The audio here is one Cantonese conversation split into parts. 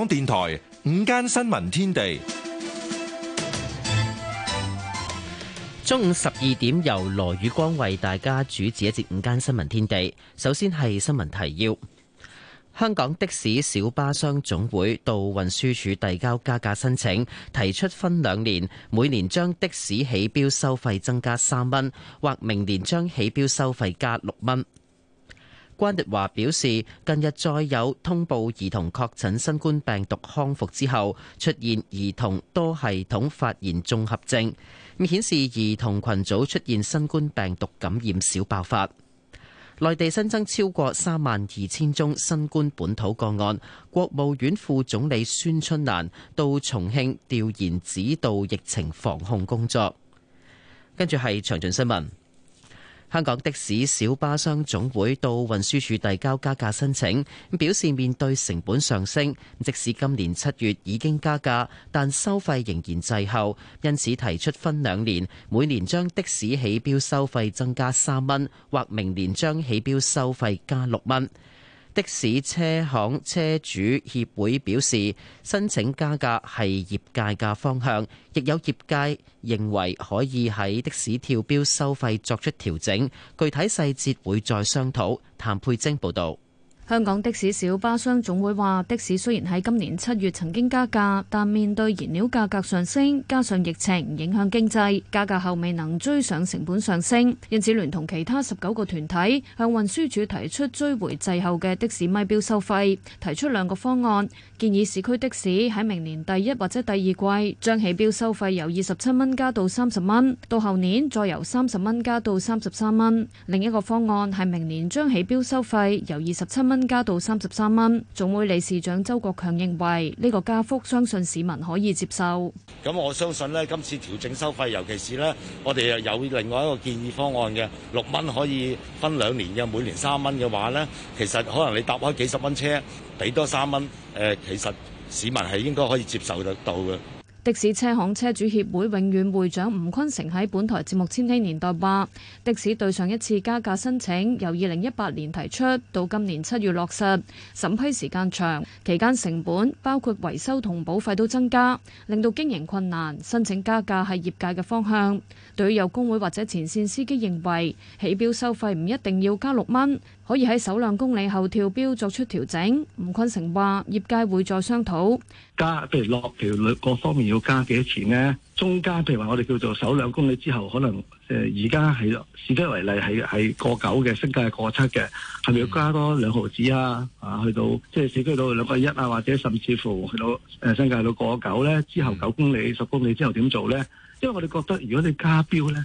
香港電台午間新聞天地，中午十二點由羅宇光為大家主持一節午間新聞天地。首先係新聞提要：香港的士小巴商總會到運輸署遞交加價申請，提出分兩年，每年將的士起標收費增加三蚊，或明年將起標收費加六蚊。關日華表示，近日再有通報兒童確診新冠病毒康復之後，出現兒童多系統發炎綜合症，咁顯示兒童群組出現新冠病毒感染小爆發。內地新增超過三萬二千宗新冠本土個案。國務院副總理孫春蘭到重慶調研指導疫情防控工作。跟住係詳盡新聞。香港的士小巴商總會到運輸署遞交加價申請，表示面對成本上升，即使今年七月已經加價，但收費仍然滯後，因此提出分兩年，每年將的士起標收費增加三蚊，或明年將起標收費加六蚊。的士車行車主協會表示，申請加價係業界嘅方向，亦有業界認為可以喺的士跳標收費作出調整，具體細節會再商討。譚佩晶報導。香港的士小巴商總會話：的士雖然喺今年七月曾經加價，但面對燃料價格上升，加上疫情影響經濟，加價後未能追上成本上升，因此聯同其他十九個團體向運輸署提出追回滯後嘅的士咪標收費，提出兩個方案，建議市區的士喺明年第一或者第二季將起標收費由二十七蚊加到三十蚊，到後年再由三十蚊加到三十三蚊。另一個方案係明年將起標收費由二十七蚊增加到三十三蚊，總會理事長周國強認為呢個加幅相信市民可以接受。咁我相信呢，今次調整收費，尤其是呢，我哋又有另外一個建議方案嘅六蚊可以分兩年嘅，每年三蚊嘅話呢，其實可能你搭開幾十蚊車，俾多三蚊，誒，其實市民係應該可以接受得到嘅。的士車行車主協會永遠會長吳坤成喺本台節目《千禧年代》話：的士對上一次加價申請由二零一八年提出，到今年七月落實，審批時間長，期間成本包括維修同保費都增加，令到經營困難。申請加價係業界嘅方向。對於有工會或者前線司機認為，起表收費唔一定要加六蚊。可以喺首兩公里後跳標作出調整。吳坤成話：業界會再商討加，譬如落條率各方面要加幾多錢咧？中間譬如話我哋叫做首兩公里之後，可能誒而家係市區為例係係過九嘅，新界係過七嘅，係咪要加多兩毫子啊？啊，去到即係市區到兩個一啊，或者甚至乎去到誒新界到過九咧，之後九公里十公里之後點做咧？因為我哋覺得如果你加標咧。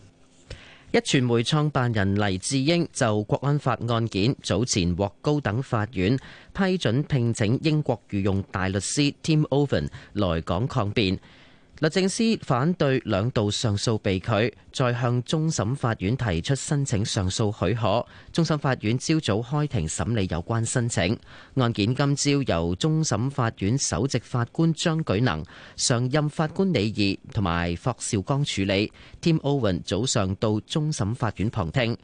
一傳媒創辦人黎智英就國安法案件，早前獲高等法院批准聘請英國御用大律師 Tim Owen 來港抗辯。律政司反對兩度上訴被拒，再向終審法院提出申請上訴許可。終審法院朝早開庭審理有關申請案件。今朝由終審法院首席法官張舉能、常任法官李儀同埋霍兆剛處理。Tim Owen 早上到終審法院旁聽。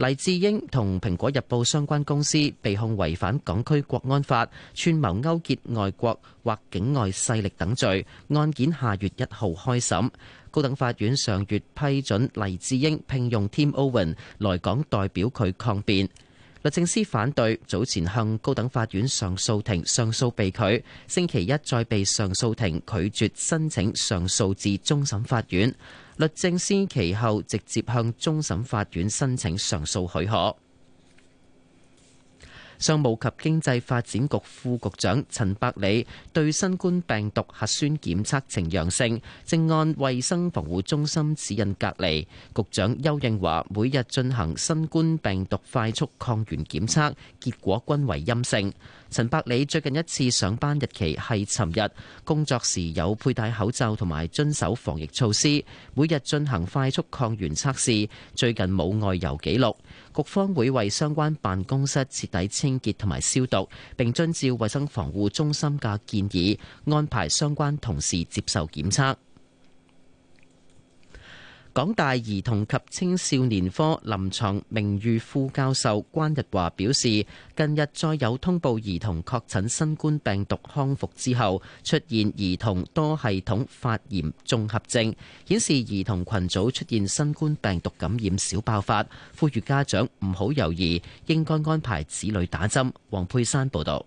黎智英同《蘋果日報》相關公司被控違反港區國安法、串謀勾結外國或境外勢力等罪，案件下月一號開審。高等法院上月批准黎智英聘用 Tim Owen 來港代表佢抗辯。律政司反對，早前向高等法院上訴庭上訴被拒，星期一再被上訴庭拒絕申請上訴至終審法院。律政司其後直接向終審法院申請上訴許可。商務及經濟發展局副局長陳百里對新冠病毒核酸檢測呈陽性，正按衛生防護中心指引隔離。局長邱應華每日進行新冠病毒快速抗原檢測，結果均為陰性。陳百里最近一次上班日期係尋日，工作時有佩戴口罩同埋遵守防疫措施，每日進行快速抗原測試，最近冇外遊記錄。局方會為相關辦公室徹底清潔同埋消毒，並遵照衛生防護中心嘅建議安排相關同事接受檢測。港大兒童及青少年科臨床名譽副教授關日華表示，近日再有通報兒童確診新冠病毒康復之後出現兒童多系統發炎綜合症，顯示兒童群組出現新冠病毒感染小爆發，呼籲家長唔好猶豫，應該安排子女打針。黃佩珊報導。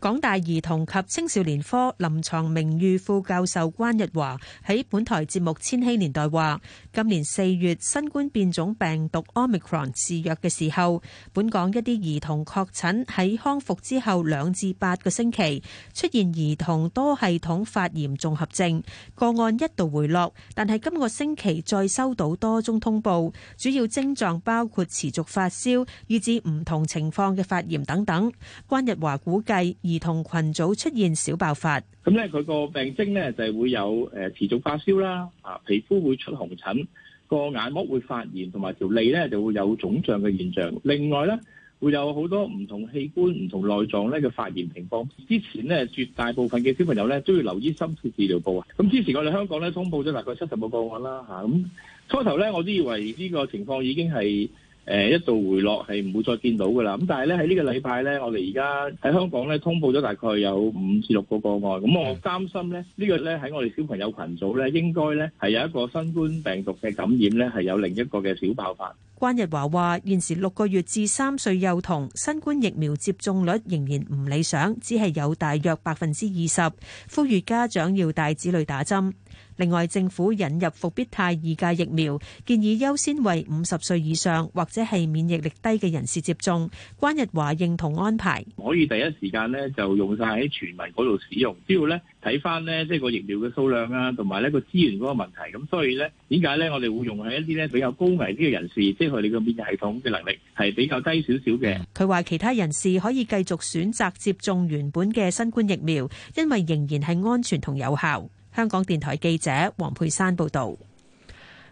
港大兒童及青少年科臨床名譽副教授關日華喺本台節目《千禧年代》話：今年四月新冠變種病毒 Omicron 肆虐嘅時候，本港一啲兒童確診喺康復之後兩至八個星期出現兒童多系統發炎綜合症，個案一度回落，但係今個星期再收到多宗通報，主要症狀包括持續發燒，以致唔同情況嘅發炎等等。關日華估計。兒童群組出現小爆發，咁咧佢個病徵咧就會有誒持續發燒啦，啊皮膚會出紅疹，個眼膜會發炎，同埋條脷咧就會有腫脹嘅現象。另外咧會有好多唔同器官、唔同內臟咧嘅發炎情況。之前咧絕大部分嘅小朋友咧都要留醫深切治療部啊。咁之前我哋香港咧通報咗大概七十個個案啦，吓咁初頭咧我都以為呢個情況已經係。誒一度回落係唔會再見到㗎啦，咁但係咧喺呢個禮拜咧，我哋而家喺香港咧通報咗大概有五至六個個案，咁我擔心咧呢個咧喺我哋小朋友羣組咧應該咧係有一個新冠病毒嘅感染咧係有另一個嘅小爆發。關日華話：現時六個月至三歲幼童新冠疫苗接種率仍然唔理想，只係有大約百分之二十，呼籲家長要帶子女打針。另外，政府引入復必泰二價疫苗，建議優先為五十歲以上或者係免疫力低嘅人士接種。關日華認同安排，唔可以第一時間咧就用晒喺全民嗰度使用，都要咧睇翻咧即係個疫苗嘅數量啊，同埋咧個資源嗰個問題。咁所以咧，點解咧我哋會用喺一啲咧比較高危啲嘅人士，即係佢哋個免疫系統嘅能力係比較低少少嘅？佢話其他人士可以繼續選擇接種原本嘅新冠疫苗，因為仍然係安全同有效。香港電台記者黃佩珊報道，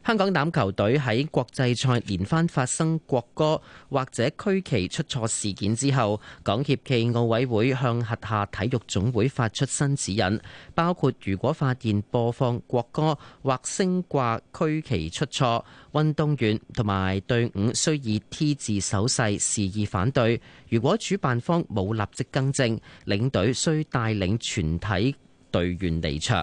香港欖球隊喺國際賽連番發生國歌或者區旗出錯事件之後，港協暨奧委會向轄下體育總會發出新指引，包括如果發現播放國歌或升掛區旗出錯，運動員同埋隊伍需以 T 字手勢示意反對。如果主辦方冇立即更正，領隊需帶領全體隊員離場。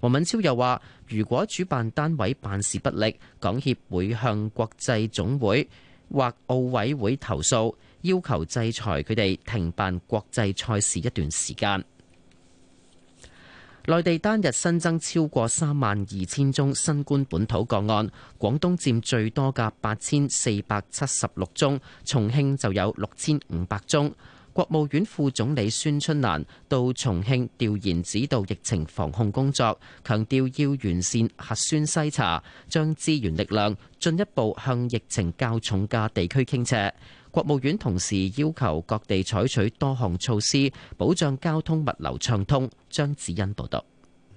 王敏超又話：如果主辦單位辦事不力，港協會向國際總會或奧委會投訴，要求制裁佢哋停辦國際賽事一段時間。內地單日新增超過三萬二千宗新冠本土個案，廣東佔最多嘅八千四百七十六宗，重慶就有六千五百宗。國務院副總理孫春蘭到重慶調研指導疫情防控工作，強調要完善核酸篩查，將資源力量進一步向疫情較重嘅地區傾斜。國務院同時要求各地採取多項措施，保障交通物流暢通。張子欣報道。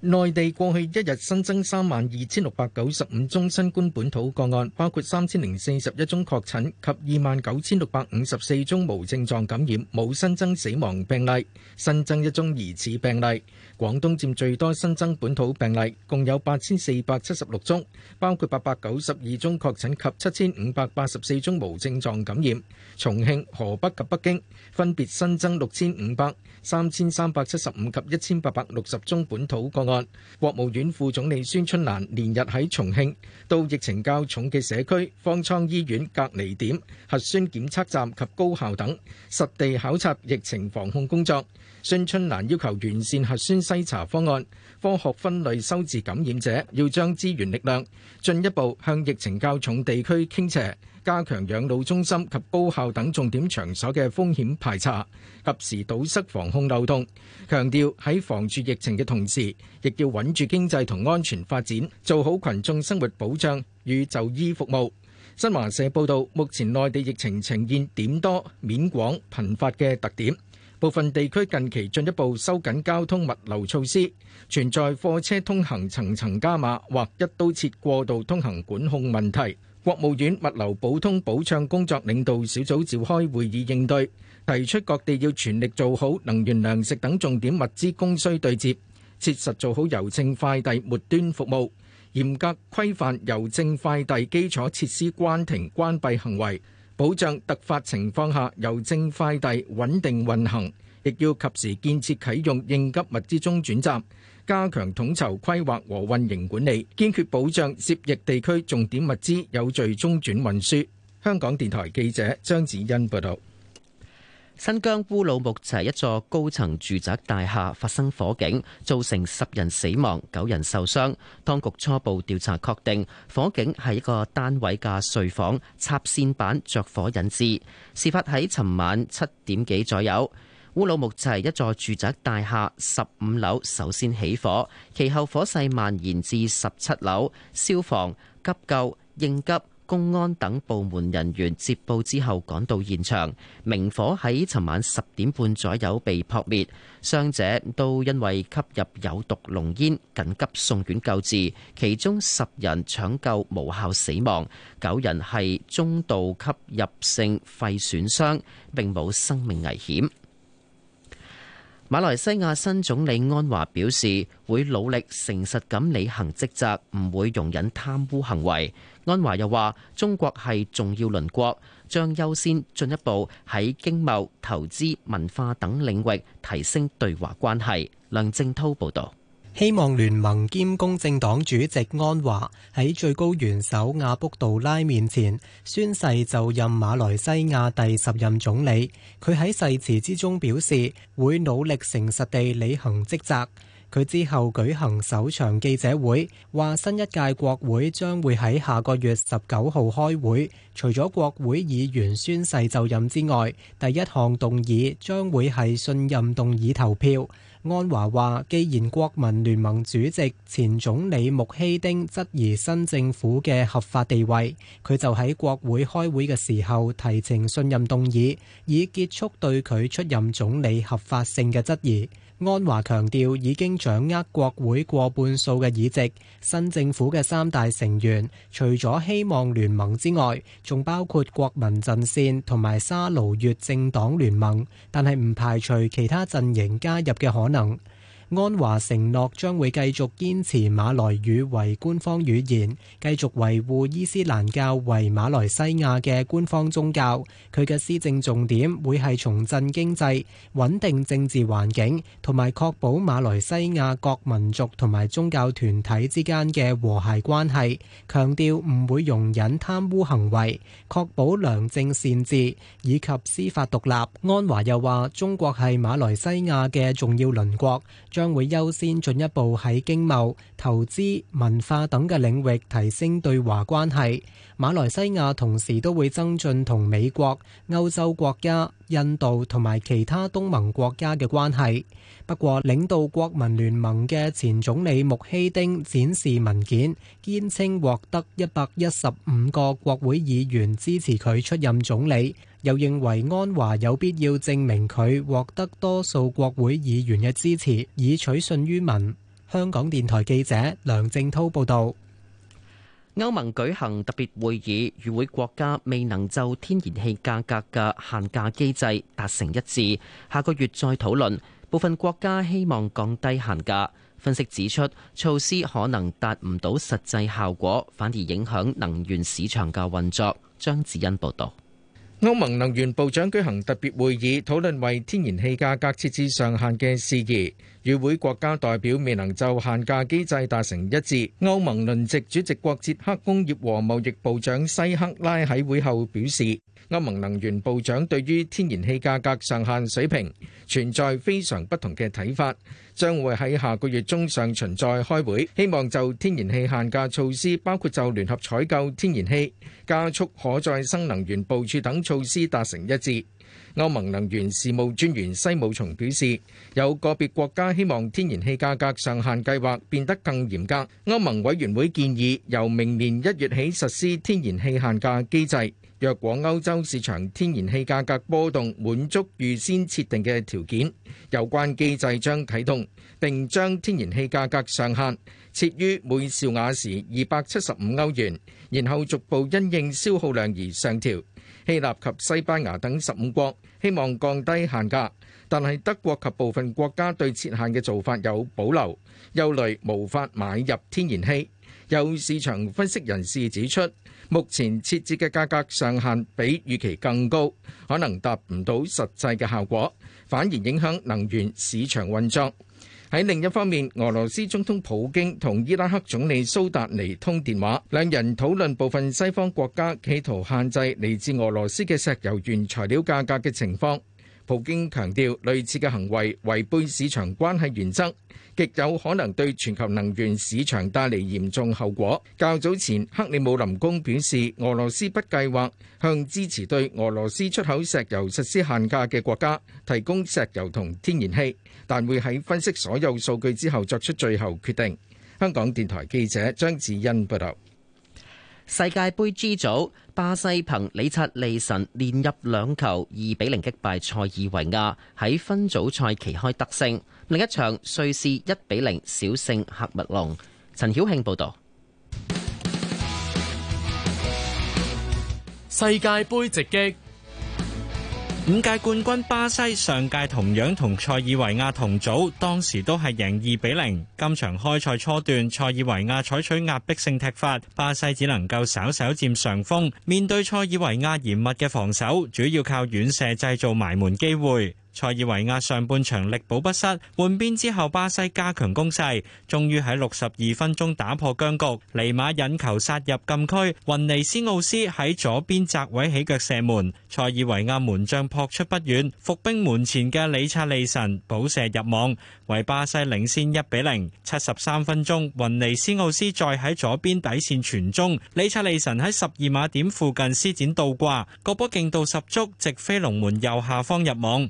內地過去一日新增三萬二千六百九十五宗新冠本土個案，包括三千零四十一宗確診及二萬九千六百五十四宗無症狀感染，冇新增死亡病例，新增一宗疑似病例。廣東佔最多新增本土病例，共有八千四百七十六宗，包括八百九十二宗確診及七千五百八十四宗無症狀感染。重慶、河北及北京分別新增六千五百、三千三百七十五及一千八百六十宗本土個案。國務院副總理孫春蘭連日喺重慶到疫情較重嘅社區、方艙醫院、隔離點、核酸檢測站及高校等實地考察疫情防控工作。孫春蘭要求完善核酸篩查方案，科學分類收治感染者，要將資源力量進一步向疫情較重地區傾斜，加強養老中心及高校等重點場所嘅風險排查，及時堵塞防控漏洞。強調喺防住疫情嘅同時，亦要穩住經濟同安全發展，做好羣眾生活保障與就醫服務。新華社報道，目前內地疫情呈現點多、面廣、頻發嘅特點。部分地區近期進一步收緊交通物流措施，存在貨車通行層層加碼或一刀切過度通行管控問題。國務院物流保通保暢工作領導小組召開會議應對，提出各地要全力做好能源糧食等重點物資供需對接，切實做好郵政快遞末端服務，嚴格規範郵政快遞基礎設施關停關閉行為。保障突發情況下郵政快遞穩定運行，亦要及時建設啟用應急物資中轉站，加強統籌規劃和運營管理，堅決保障涉疫地區重點物資有序中轉運輸。香港電台記者張子欣報道。新疆烏魯木齊一座高層住宅大廈發生火警，造成十人死亡、九人受傷。當局初步調查確定，火警係一個單位嘅睡房插線板着火引致。事發喺尋晚七點幾左右。烏魯木齊一座住宅大廈十五樓首先起火，其後火勢蔓延至十七樓。消防急救應急。公安等部門人員接報之後趕到現場，明火喺尋晚十點半左右被撲滅，傷者都因為吸入有毒濃煙緊急送院救治，其中十人搶救無效死亡，九人係中度吸入性肺損傷，並冇生命危險。馬來西亞新總理安華表示，會努力誠實咁履行職責，唔會容忍貪污行為。安華又話，中國係重要鄰國，將優先進一步喺經貿、投資、文化等領域提升對華關係。梁靜濤報道。希望聯盟兼公正黨主席安華喺最高元首阿卜杜拉面前宣誓就任馬來西亞第十任總理。佢喺誓詞之中表示會努力誠實地履行職責。佢之後舉行首場記者會，話新一屆國會將會喺下個月十九號開會。除咗國會議員宣誓就任之外，第一項動議將會係信任動議投票。安華話：既然國民聯盟主席前總理穆希丁質疑新政府嘅合法地位，佢就喺國會開會嘅時候提呈信任動議，以結束對佢出任總理合法性嘅質疑。安華強調已經掌握國會過半數嘅議席，新政府嘅三大成員除咗希望聯盟之外，仲包括國民陣線同埋沙勞越政黨聯盟，但係唔排除其他陣營加入嘅可能。安華承諾將會繼續堅持馬來語為官方語言，繼續維護伊斯蘭教為馬來西亞嘅官方宗教。佢嘅施政重點會係重振經濟、穩定政治環境同埋確保馬來西亞各民族同埋宗教團體之間嘅和諧關係。強調唔會容忍貪污行為，確保良政善治以及司法獨立。安華又話：中國係馬來西亞嘅重要鄰國。將會優先進一步喺經貿、投資、文化等嘅領域提升對華關係。馬來西亞同時都會增進同美國、歐洲國家、印度同埋其他東盟國家嘅關係。不過，領導國民聯盟嘅前總理穆希丁展示文件，堅稱獲得一百一十五個國會議員支持佢出任總理。又認為安華有必要證明佢獲得多數國會議員嘅支持，以取信於民。香港電台記者梁正滔報導。歐盟舉行特別會議，與會國家未能就天然氣價格嘅限價機制達成一致，下個月再討論。部分國家希望降低限價。分析指出，措施可能達唔到實際效果，反而影響能源市場嘅運作。張子恩報導。歐盟能源部長舉行特別會議，討論為天然氣價格設置上限嘅事宜。與會國家代表未能就限價機制達成一致。歐盟輪值主席國捷克工業和貿易部長西克拉喺會後表示。歐盟能源部長對於天然氣價格上限水平存在非常不同嘅睇法，將會喺下個月中上旬再開會，希望就天然氣限價措施，包括就聯合採購天然氣、加速可再生能源部署等措施達成一致。歐盟能源事務專員西姆松表示，有個別國家希望天然氣價格上限計劃變得更嚴格。歐盟委員會建議由明年一月起實施天然氣限價機制。若果歐洲市場天然氣價格波動滿足預先設定嘅條件，有關機制將啟動，並將天然氣價格上限設於每兆瓦時二百七十五歐元，然後逐步因應消耗量而上調。希臘及西班牙等十五國希望降低限價，但係德國及部分國家對設限嘅做法有保留，憂慮無法買入天然氣。有市場分析人士指出，目前設置嘅價格上限比預期更高，可能達唔到實際嘅效果，反而影響能源市場運作。喺另一方面，俄羅斯總統普京同伊拉克總理蘇達尼通電話，兩人討論部分西方國家企圖限制嚟自俄羅斯嘅石油原材料價格嘅情況。普京強調，類似嘅行為違背市場關係原則，極有可能對全球能源市場帶嚟嚴重後果。較早前，克里姆林宮表示，俄羅斯不計劃向支持對俄羅斯出口石油實施限價嘅國家提供石油同天然氣，但會喺分析所有數據之後作出最後決定。香港電台記者張子欣報道。世界杯 G 組，巴西憑李察利神連入兩球，二比零擊敗塞爾維亞，喺分組賽旗開得勝。另一場瑞士一比零小勝喀麥隆。陳曉慶報道。世界杯直擊。五屆冠軍巴西上屆同樣同塞爾維亞同組，當時都係贏二比零。今場開賽初段，塞爾維亞採取壓迫性踢法，巴西只能夠稍稍佔上風。面對塞爾維亞嚴密嘅防守，主要靠遠射製造埋門機會。塞爾維亞上半場力保不失，換邊之後巴西加強攻勢，終於喺六十二分鐘打破僵局。尼馬引球殺入禁區，雲尼斯奧斯喺左邊窄位起腳射門，塞爾維亞門將撲出不遠，伏兵門前嘅里察利臣補射入網，為巴西領先一比零。七十三分鐘，雲尼斯奧斯再喺左邊底線傳中，里察利臣喺十二碼點附近施展倒掛，個波勁度十足，直飛龍門右下方入網。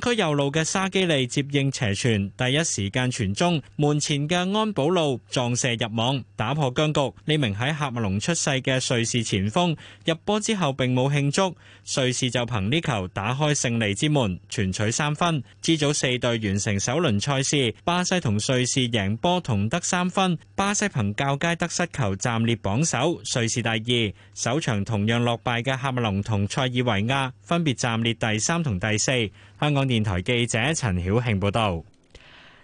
區右路嘅沙基利接應斜傳，第一時間傳中，門前嘅安保路撞射入網，打破僵局。呢名喺喀麥隆出世嘅瑞士前鋒入波之後，並冇慶祝，瑞士就憑呢球打開勝利之門，全取三分。G 組四隊完成首輪賽事，巴西同瑞士贏波同得三分，巴西憑較佳得失球暫列榜首，瑞士第二。首場同樣落敗嘅喀麥隆同塞爾維亞分別暫列第三同第四。香港電台記者陳曉慶報道：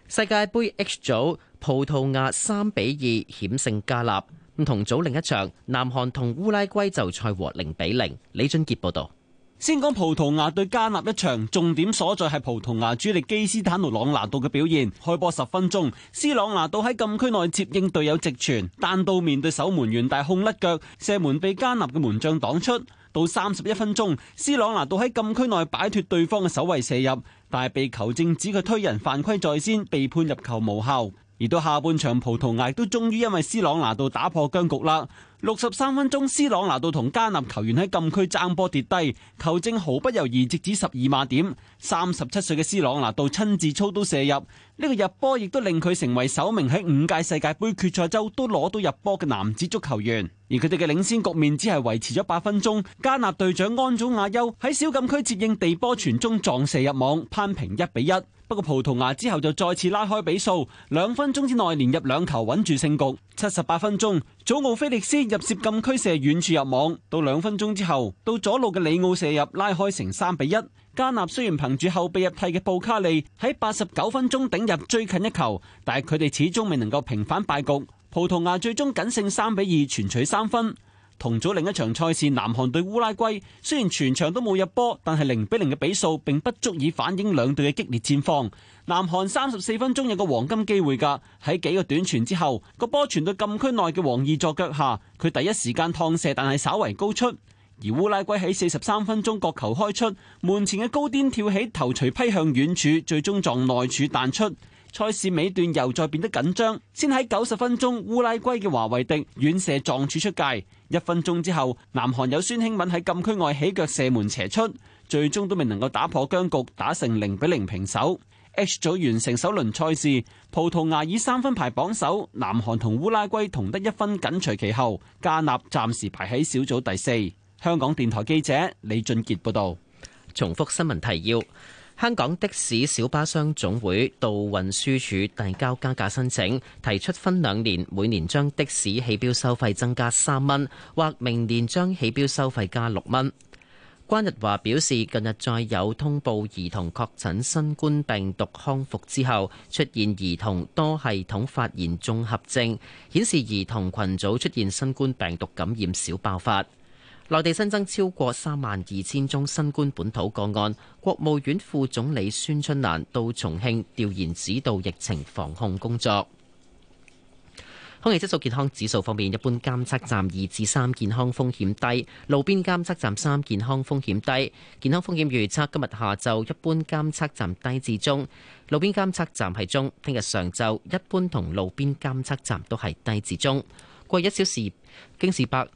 世界杯 H 組葡萄牙三比二險勝加納。唔同組另一場，南韓同烏拉圭就賽和零比零。李俊傑報道：先講葡萄牙對加納一場，重點所在係葡萄牙主力基斯坦奴朗拿度嘅表現。開波十分鐘，斯朗拿度喺禁區內接應隊友直傳，但到面對守門員大控甩腳，射門被加納嘅門將擋出。到三十一分鐘，斯朗拿度喺禁區內擺脫對方嘅守衞射入，但係被球證指佢推人犯規在先，被判入球無效。而到下半場，葡萄牙都終於因為斯朗拿度打破僵局啦。六十三分鐘，斯朗拿度同加納球員喺禁區爭波跌低，球證毫不猶豫，直指十二碼點。三十七歲嘅斯朗拿度親自操刀射入，呢個入波亦都令佢成為首名喺五屆世界杯決賽周都攞到入波嘅男子足球員。而佢哋嘅領先局面只係維持咗八分鐘，加納隊長安祖亞優喺小禁區接應地波傳中撞射入網，攀平一比一。不過葡萄牙之後就再次拉開比數，兩分鐘之內連入兩球穩住勝局。七十八分鐘。祖奧菲力斯入涉禁區射禁區射遠處入網，到兩分鐘之後，到左路嘅里奧射入，拉開成三比一。加納雖然憑住後備入替嘅布卡利喺八十九分鐘頂入最近一球，但係佢哋始終未能夠平反敗局。葡萄牙最終僅勝三比二，全取三分。同咗另一場賽事，南韓對烏拉圭，雖然全場都冇入波，但係零比零嘅比數，並不足以反映兩隊嘅激烈戰況。南韓三十四分鐘有個黃金機會，噶喺幾個短傳之後，個波傳到禁區內嘅黃義助腳下，佢第一時間趟射，但係稍為高出。而烏拉圭喺四十三分鐘角球開出，門前嘅高顛跳起頭錘，批向遠柱，最終撞內柱彈出。賽事尾段又再變得緊張，先喺九十分鐘，烏拉圭嘅華維迪遠射撞柱出界。一分鐘之後，南韓有孫興敏喺禁區外起腳射門斜出，最終都未能夠打破僵局，打成零比零平手。H 組完成首輪賽事，葡萄牙以三分排榜首，南韓同烏拉圭同得一分緊隨其後，加納暫時排喺小組第四。香港電台記者李俊傑報道。重複新聞提要。香港的士小巴商總會到運輸署遞交加價申請，提出分兩年，每年將的士起標收費增加三蚊，或明年將起標收費加六蚊。關日華表示，近日再有通報兒童確診新冠病毒康復之後，出現兒童多系統發炎綜合症，顯示兒童群組出現新冠病毒感染小爆發。內地新增超過三萬二千宗新冠本土個案。國務院副總理孫春蘭到重慶調研指導疫情防控工作。空氣質素健康指數方面，一般監測站二至三，健康風險低，路邊監測站三，健康風險低。健康風險預測今日下晝一般監測站低至中，路邊監測站係中。聽日上晝一般同路邊監測站都係低至中。過一小時，經時白。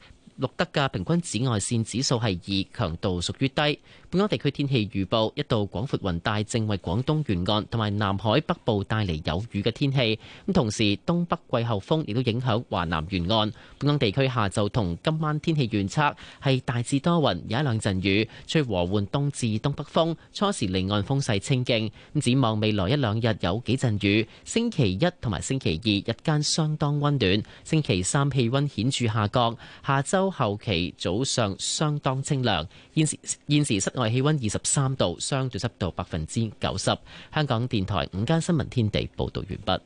錄得嘅平均紫外線指數係二，強度屬於低。本港地區天氣預報：一道廣闊雲帶正為廣東沿岸同埋南海北部帶嚟有雨嘅天氣。咁同時，東北季候風亦都影響華南沿岸。本港地區下晝同今晚天氣預測係大致多雲，有一兩陣雨，吹和緩東至東北風，初時離岸風勢清勁。咁展望未來一兩日有幾陣雨。星期一同埋星期二日間相當温暖，星期三氣温顯著下降，下周。後期早上相當清涼，現時現時室外氣溫二十三度，相對濕度百分之九十。香港電台午間新聞天地報道完畢。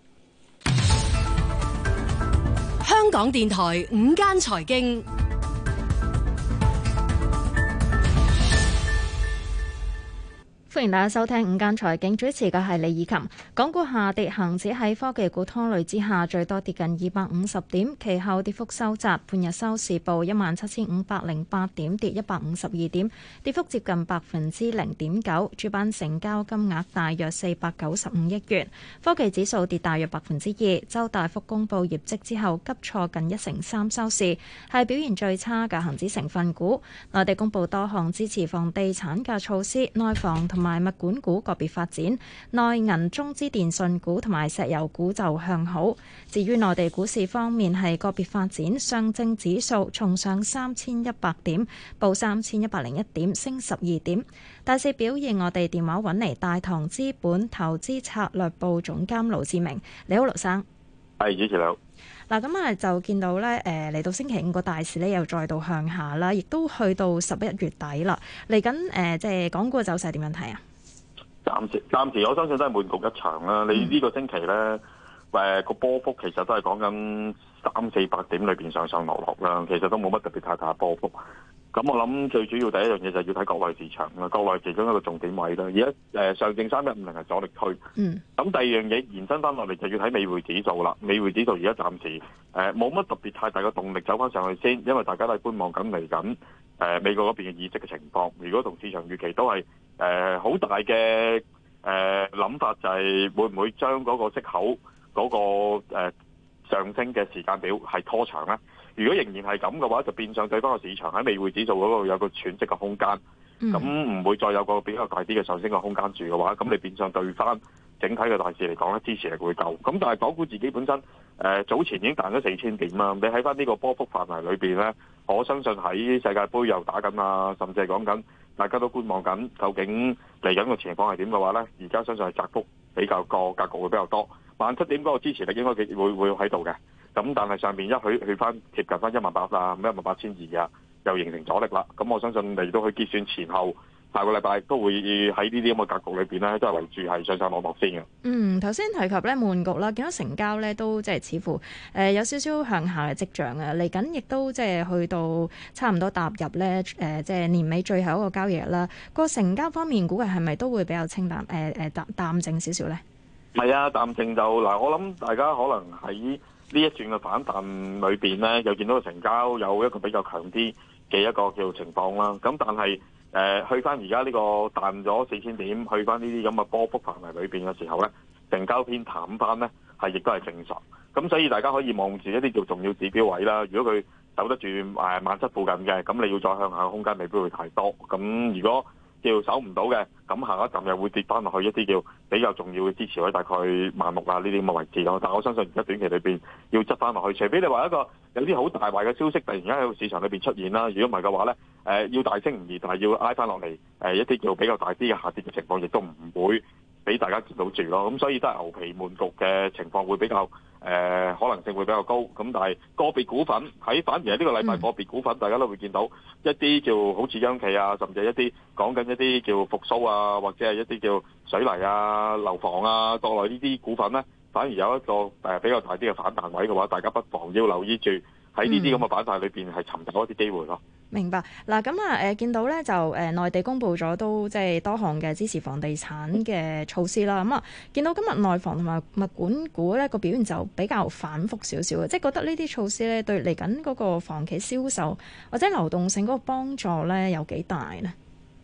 香港電台午間財經。歡迎大家收聽午間財經，主持嘅係李以琴。港股下跌，恒指喺科技股拖累之下，最多跌近二百五十點，其後跌幅收窄，半日收市報一萬七千五百零八點，跌一百五十二點，跌幅接近百分之零點九。主板成交金額大約四百九十五億元，科技指數跌大約百分之二。周大福公佈業績之後急挫近一成三收市，係表現最差嘅恒指成分股。內地公佈多項支持房地產嘅措施，內房同。同埋物管股個別發展，內銀、中資、電信股同埋石油股就向好。至於內地股市方面，係個別發展，上證指數重上三千一百點，報三千一百零一點，升十二點。大市表現，我哋電話揾嚟，大唐資本投資策略部總監盧志明，你好，盧生。係，主持好。嗱，咁啊就見到咧，誒、呃、嚟到星期五個大市咧又再度向下啦，亦都去到十一月底啦。嚟緊誒，即係港股嘅走勢點樣睇啊？暫時暫時，我相信都係悶局一場啦。你呢個星期咧，誒個、嗯呃、波幅其實都係講緊三四百點裏邊上上落落啦，其實都冇乜特別太大波幅。咁我諗最主要第一樣嘢就係要睇國內市場啦，國內其中一個重點位啦。而家誒上證三一五零係阻力區。嗯。咁第二樣嘢延伸翻落嚟就要睇美匯指數啦，美匯指數而家暫時誒冇乜特別太大嘅動力走翻上去先，因為大家都係觀望緊嚟緊誒美國嗰邊嘅議息嘅情況。如果同市場預期都係誒好大嘅誒諗法，就係會唔會將嗰個息口嗰個誒上升嘅時間表係拖長咧？如果仍然係咁嘅話，就變相對方個市場喺美匯指數嗰度有個喘息嘅空間，咁唔、嗯、會再有個比較大啲嘅上升嘅空間住嘅話，咁你變相對翻整體嘅大市嚟講咧，支持係會夠。咁但係港股自己本身誒、呃、早前已經彈咗四千點啦，你喺翻呢個波幅範圍裏邊咧，我相信喺世界盃又打緊啊，甚至係講緊大家都觀望緊，究竟嚟緊個情況係點嘅話咧，而家相信係窄幅比較個格局會比較多，萬七點嗰個支持力應該會會喺度嘅。咁但係上邊一去去翻接近翻一萬八啦，一萬八千二啊，又形成阻力啦。咁我相信嚟到去結算前後，下個禮拜都會喺呢啲咁嘅格局裏邊咧，都係圍住係上上落落先嘅。嗯，頭先提及咧，悶局啦，見到成交咧都即係似乎誒有少少向下嘅跡象啊！嚟緊亦都即係去到差唔多踏入咧誒，即係年尾最後一個交易日啦。個成交方面，估計係咪都會比較清淡？誒誒，淡淡靜少少咧？係啊，淡靜就嗱，我諗大家可能喺。呢一轉嘅反彈裏邊咧，又見到成交有一個比較強啲嘅一個叫情況啦。咁但係誒、呃、去翻而家呢個彈咗四千點，去翻呢啲咁嘅波幅範圍裏邊嘅時候咧，成交偏淡翻咧，係亦都係正常。咁所以大家可以望住一啲叫重要指標位啦。如果佢守得住誒萬七附近嘅，咁你要再向下空間未必會太多。咁如果叫守唔到嘅，咁行一陣又會跌翻落去一啲叫比較重要嘅支持位，大概萬六呀呢啲咁嘅位置咯。但我相信而家短期裏邊要執翻落去，除非你話一個有啲好大壞嘅消息突然間喺個市場裏邊出現啦。如果唔係嘅話咧，誒、呃、要大升唔易，但係要挨翻落嚟誒一啲叫比較大啲嘅下跌嘅情況亦都唔會。俾大家見到住咯，咁所以都係牛皮悶局嘅情況會比較誒，可能性會比較高，咁但係個別股份喺反而喺呢個禮拜個別股份，大家都會見到一啲叫好似央企啊，甚至一啲講緊一啲叫復甦啊，或者係一啲叫水泥啊、樓房啊，國內呢啲股份咧，反而有一個誒比較大啲嘅反彈位嘅話，大家不妨要留意住喺呢啲咁嘅板塊裏邊係尋找一啲機會咯。明白嗱，咁啊，誒見到咧就誒內地公布咗都即係多項嘅支持房地產嘅措施啦。咁啊，見到今日內房同埋物管股咧個表現就比較反覆少少嘅，即係覺得呢啲措施咧對嚟緊嗰個房企銷售或者流動性嗰個幫助咧有幾大咧？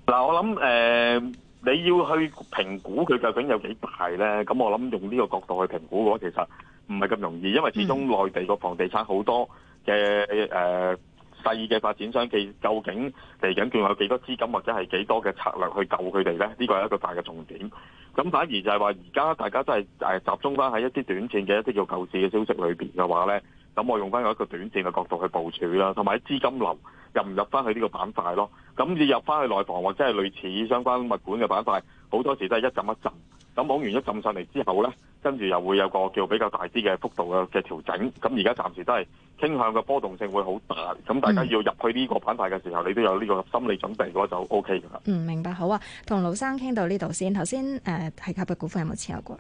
嗱，我諗誒你要去評估佢究竟有幾大咧？咁我諗用呢個角度去評估嘅話，其實唔係咁容易，因為始終內地個房地產好多嘅誒。細嘅發展商佢究竟嚟緊仲有幾多資金或者係幾多嘅策略去救佢哋呢？呢個係一個大嘅重點。咁反而就係話，而家大家都係誒集中翻喺一啲短線嘅一啲叫救市嘅消息裏邊嘅話呢，咁我用翻一個短線嘅角度去部署啦，同埋啲資金流入唔入翻去呢個板塊咯。咁要入翻去內房或者係類似相關物管嘅板塊，好多時都係一浸一浸。咁往完一浸上嚟之後咧，跟住又會有個叫比較大啲嘅幅度嘅嘅調整。咁而家暫時都係傾向嘅波動性會好大。咁大家要入去呢個板塊嘅時候，你都有呢個心理準備嘅話，就 O K 嘅啦。嗯，明白好啊。同盧生傾到呢度先。頭先誒提及嘅股份有冇持有過？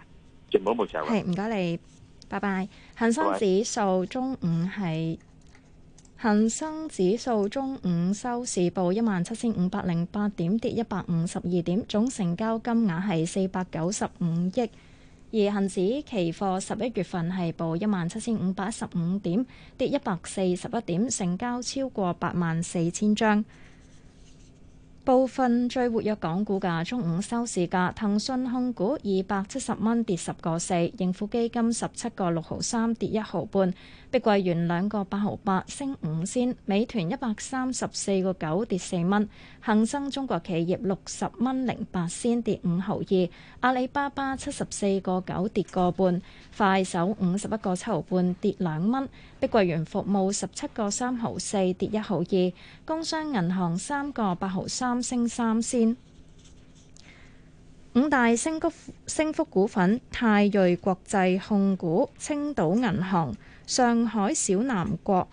全部都冇持有過。係，唔該你，拜拜。恒生指數中午係。恒生指數中午收市報一萬七千五百零八點，跌一百五十二點，總成交金額係四百九十五億。而恒指期貨十一月份係報一萬七千五百一十五點，跌一百四十一點，成交超過八萬四千張。部分最活躍港股嘅中午收市價，騰訊控股二百七十蚊跌十個四，盈富基金十七個六毫三跌一毫半。碧桂園兩個八毫八升五仙，美團一百三十四個九跌四蚊，恒生中國企業六十蚊零八仙跌五毫二，阿里巴巴七十四個九跌個半，快手五十一個七毫半跌兩蚊，碧桂園服務十七個三毫四跌一毫二，工商銀行三個八毫三升三仙，五大升股升幅股份泰瑞國際控股、青島銀行。上海小南國、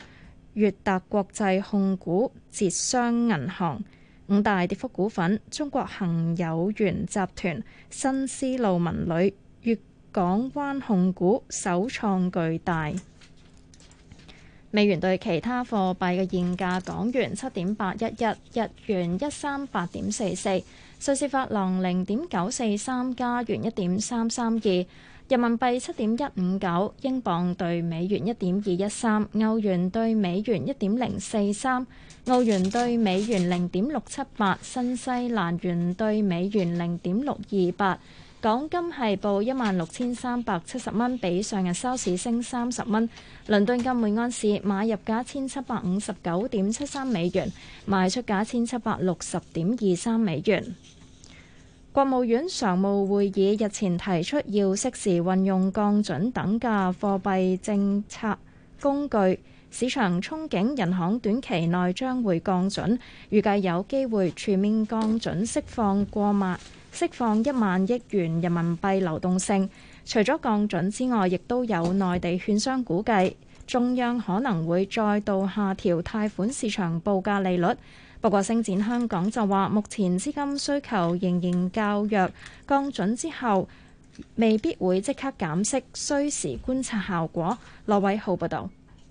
悅達國際控股、浙商銀行五大跌幅股份；中國恒友元集團、新絲路文旅、粵港灣控股首創巨大。美元對其他貨幣嘅現價：港元七點八一一，日元一三八點四四，瑞士法郎零點九四三，加元一點三三二。人民幣七點一五九，英鎊對美元一點二一三，歐元對美元一點零四三，澳元對美元零點六七八，新西蘭元對美元零點六二八。港金係報一萬六千三百七十蚊，比上日收市升三十蚊。倫敦金每安士買入價一千七百五十九點七三美元，賣出價一千七百六十點二三美元。國務院常務會議日前提出，要適時運用降準等嘅貨幣政策工具，市場憧憬人行短期內將會降準，預計有機會全面降準，釋放過萬、釋放一萬億元人民幣流動性。除咗降準之外，亦都有內地券商估計，中央可能會再度下調貸款市場報價利率。不過，星展香港就話，目前資金需求仍然較弱，降準之後未必會即刻減息，需時觀察效果。羅偉浩報導。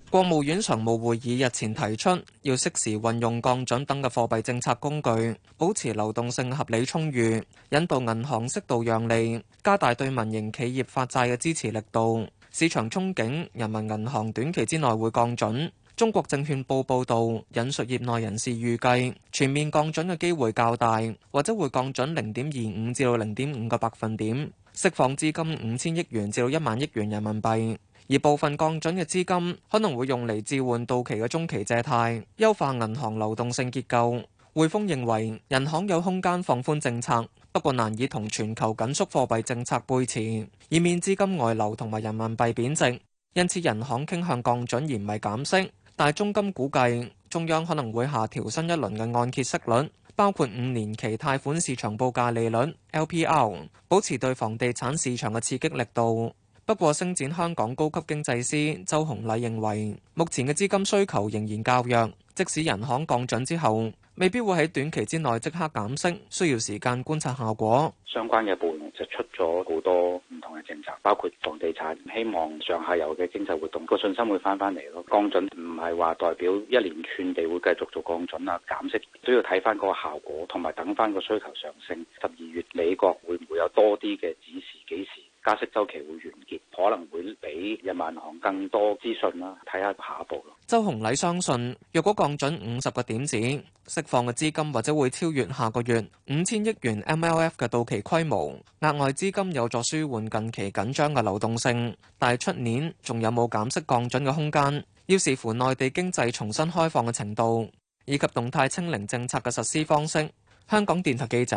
國務院常務會議日前提出，要適時運用降準等嘅貨幣政策工具，保持流動性合理充裕，引導銀行適度讓利，加大對民營企業發債嘅支持力度。市場憧憬，人民銀行短期之內會降準。中國證券報報道，引述業內人士預計全面降準嘅機會較大，或者會降準零點二五至到零點五個百分點，釋放資金五千億元至到一萬億元人民幣。而部分降準嘅資金可能會用嚟置換到期嘅中期借貸，優化銀行流動性結構。匯豐認為，人行有空間放寬政策，不過難以同全球緊縮貨幣政策背馳，以免資金外流同埋人民幣貶值，因此人行傾向降準而唔係減息。但中金估計中央可能會下調新一輪嘅按揭息率，包括五年期貸款市場報價利率 （LPR），保持對房地產市場嘅刺激力度。不過星展香港高級經濟師周紅麗認為，目前嘅資金需求仍然較弱，即使人行降準之後。未必會喺短期之內即刻減息，需要時間觀察效果。相關嘅部門就出咗好多唔同嘅政策，包括房地產，希望上下游嘅經濟活動個信心會翻翻嚟咯。降準唔係話代表一連串地會繼續做降準啊、減息，都要睇翻個效果，同埋等翻個需求上升。十二月美國會唔會有多啲嘅指示？幾時？加息週期會完結，可能會俾人民銀行更多資訊啦，睇下下一步咯。周洪禮相信，若果降準五十個點子，釋放嘅資金或者會超越下個月五千億元 MLF 嘅到期規模，額外資金有助舒緩近期緊張嘅流動性。但係出年仲有冇減息降準嘅空間，要視乎內地經濟重新開放嘅程度，以及動態清零政策嘅實施方式。香港電台記者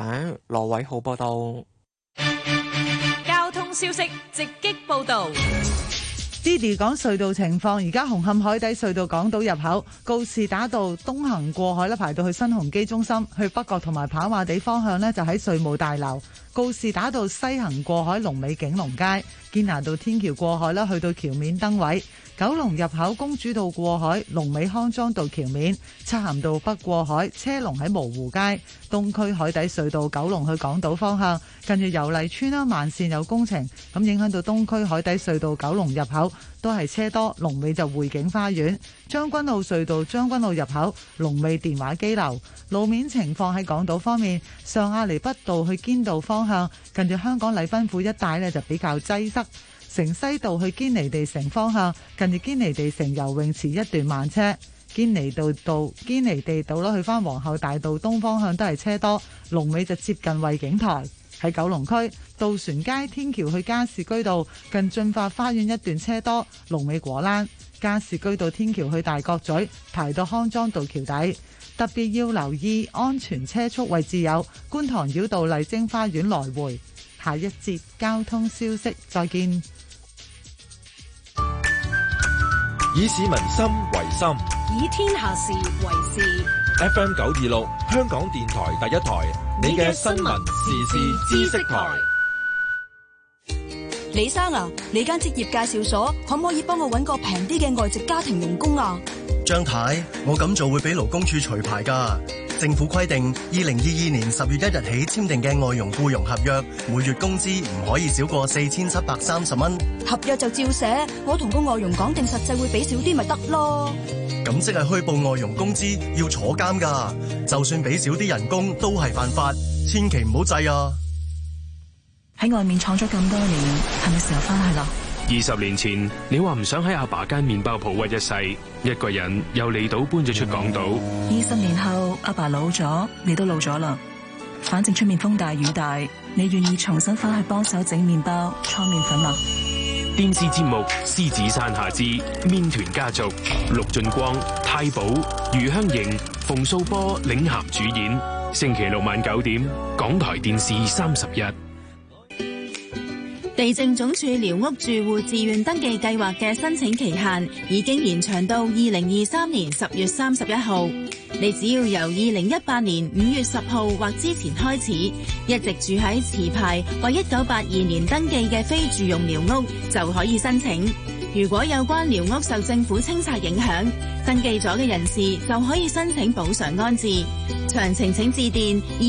羅偉浩報道。消息，直擊報道 d i d 講隧道情況。而家紅磡海底隧道港島入口告士打道東行過海咧，排到去新鴻基中心；去北角同埋跑馬地方向咧，就喺稅務大樓告士打道西行過海，龍尾景龍街堅拿道天橋過海啦，去到橋面燈位。九龍入口公主道過海，龍尾康莊道橋面；漆咸道北過海車龍喺蕪湖街，東區海底隧道九龍去港島方向，近住油麗村啦，慢綫有工程，咁影響到東區海底隧道九龍入口都係車多，龍尾就匯景花園；將軍澳隧道將軍澳入口龍尾電話機樓路面情況。喺港島方面，上亞厘畢道去堅道方向，近住香港禮賓府一帶呢，就比較擠塞。城西道去堅尼地城方向，近住堅尼地城游泳池一段慢車；堅尼道道、堅尼地道咯，去翻皇后大道東方向都係車多。龍尾就接近維景台。喺九龍區，渡船街天橋去加士居道近進化花園一段車多，龍尾果欄。加士居道天橋去大角咀排到康莊道橋底，特別要留意安全車速位置有觀塘繞道麗晶花園來回。下一節交通消息，再見。以市民心為心，以天下事為事。FM 九二六，香港電台第一台，你嘅新聞、時事、知識台。李生啊，你間職業介紹所可唔可以幫我搵個平啲嘅外籍家庭傭工啊？張太太，我咁做會俾勞工處除牌噶。政府規定，二零二二年十月一日起簽訂嘅外傭雇傭合約，每月工資唔可以少過四千七百三十蚊。合約就照寫，我同個外傭講定實際，實際會俾少啲咪得咯。咁即係虛報外傭工資要坐監噶，就算俾少啲人工都係犯法，千祈唔好制啊！喺外面闖咗咁多年，係咪時候翻去啦？二十年前，你話唔想喺阿爸間麵包鋪屈一世，一個人由離島搬咗出港島。二十年後，阿爸老咗，你都老咗啦。反正出面風大雨大，你願意重新翻去幫手整麵包、搓麵粉嗎？電視節目《獅子山下之麵團家族》，陸俊光、太保、余香凝、馮素波領銜主演。星期六晚九點，港台電視三十一。地政總署寮屋住戶自願登記計劃嘅申請期限已經延長到二零二三年十月三十一號。你只要由二零一八年五月十號或之前開始，一直住喺持牌或一九八二年登記嘅非住用寮屋，就可以申請。如果有關寮屋受政府清拆影響，登記咗嘅人士就可以申請補償安置。詳情請致電。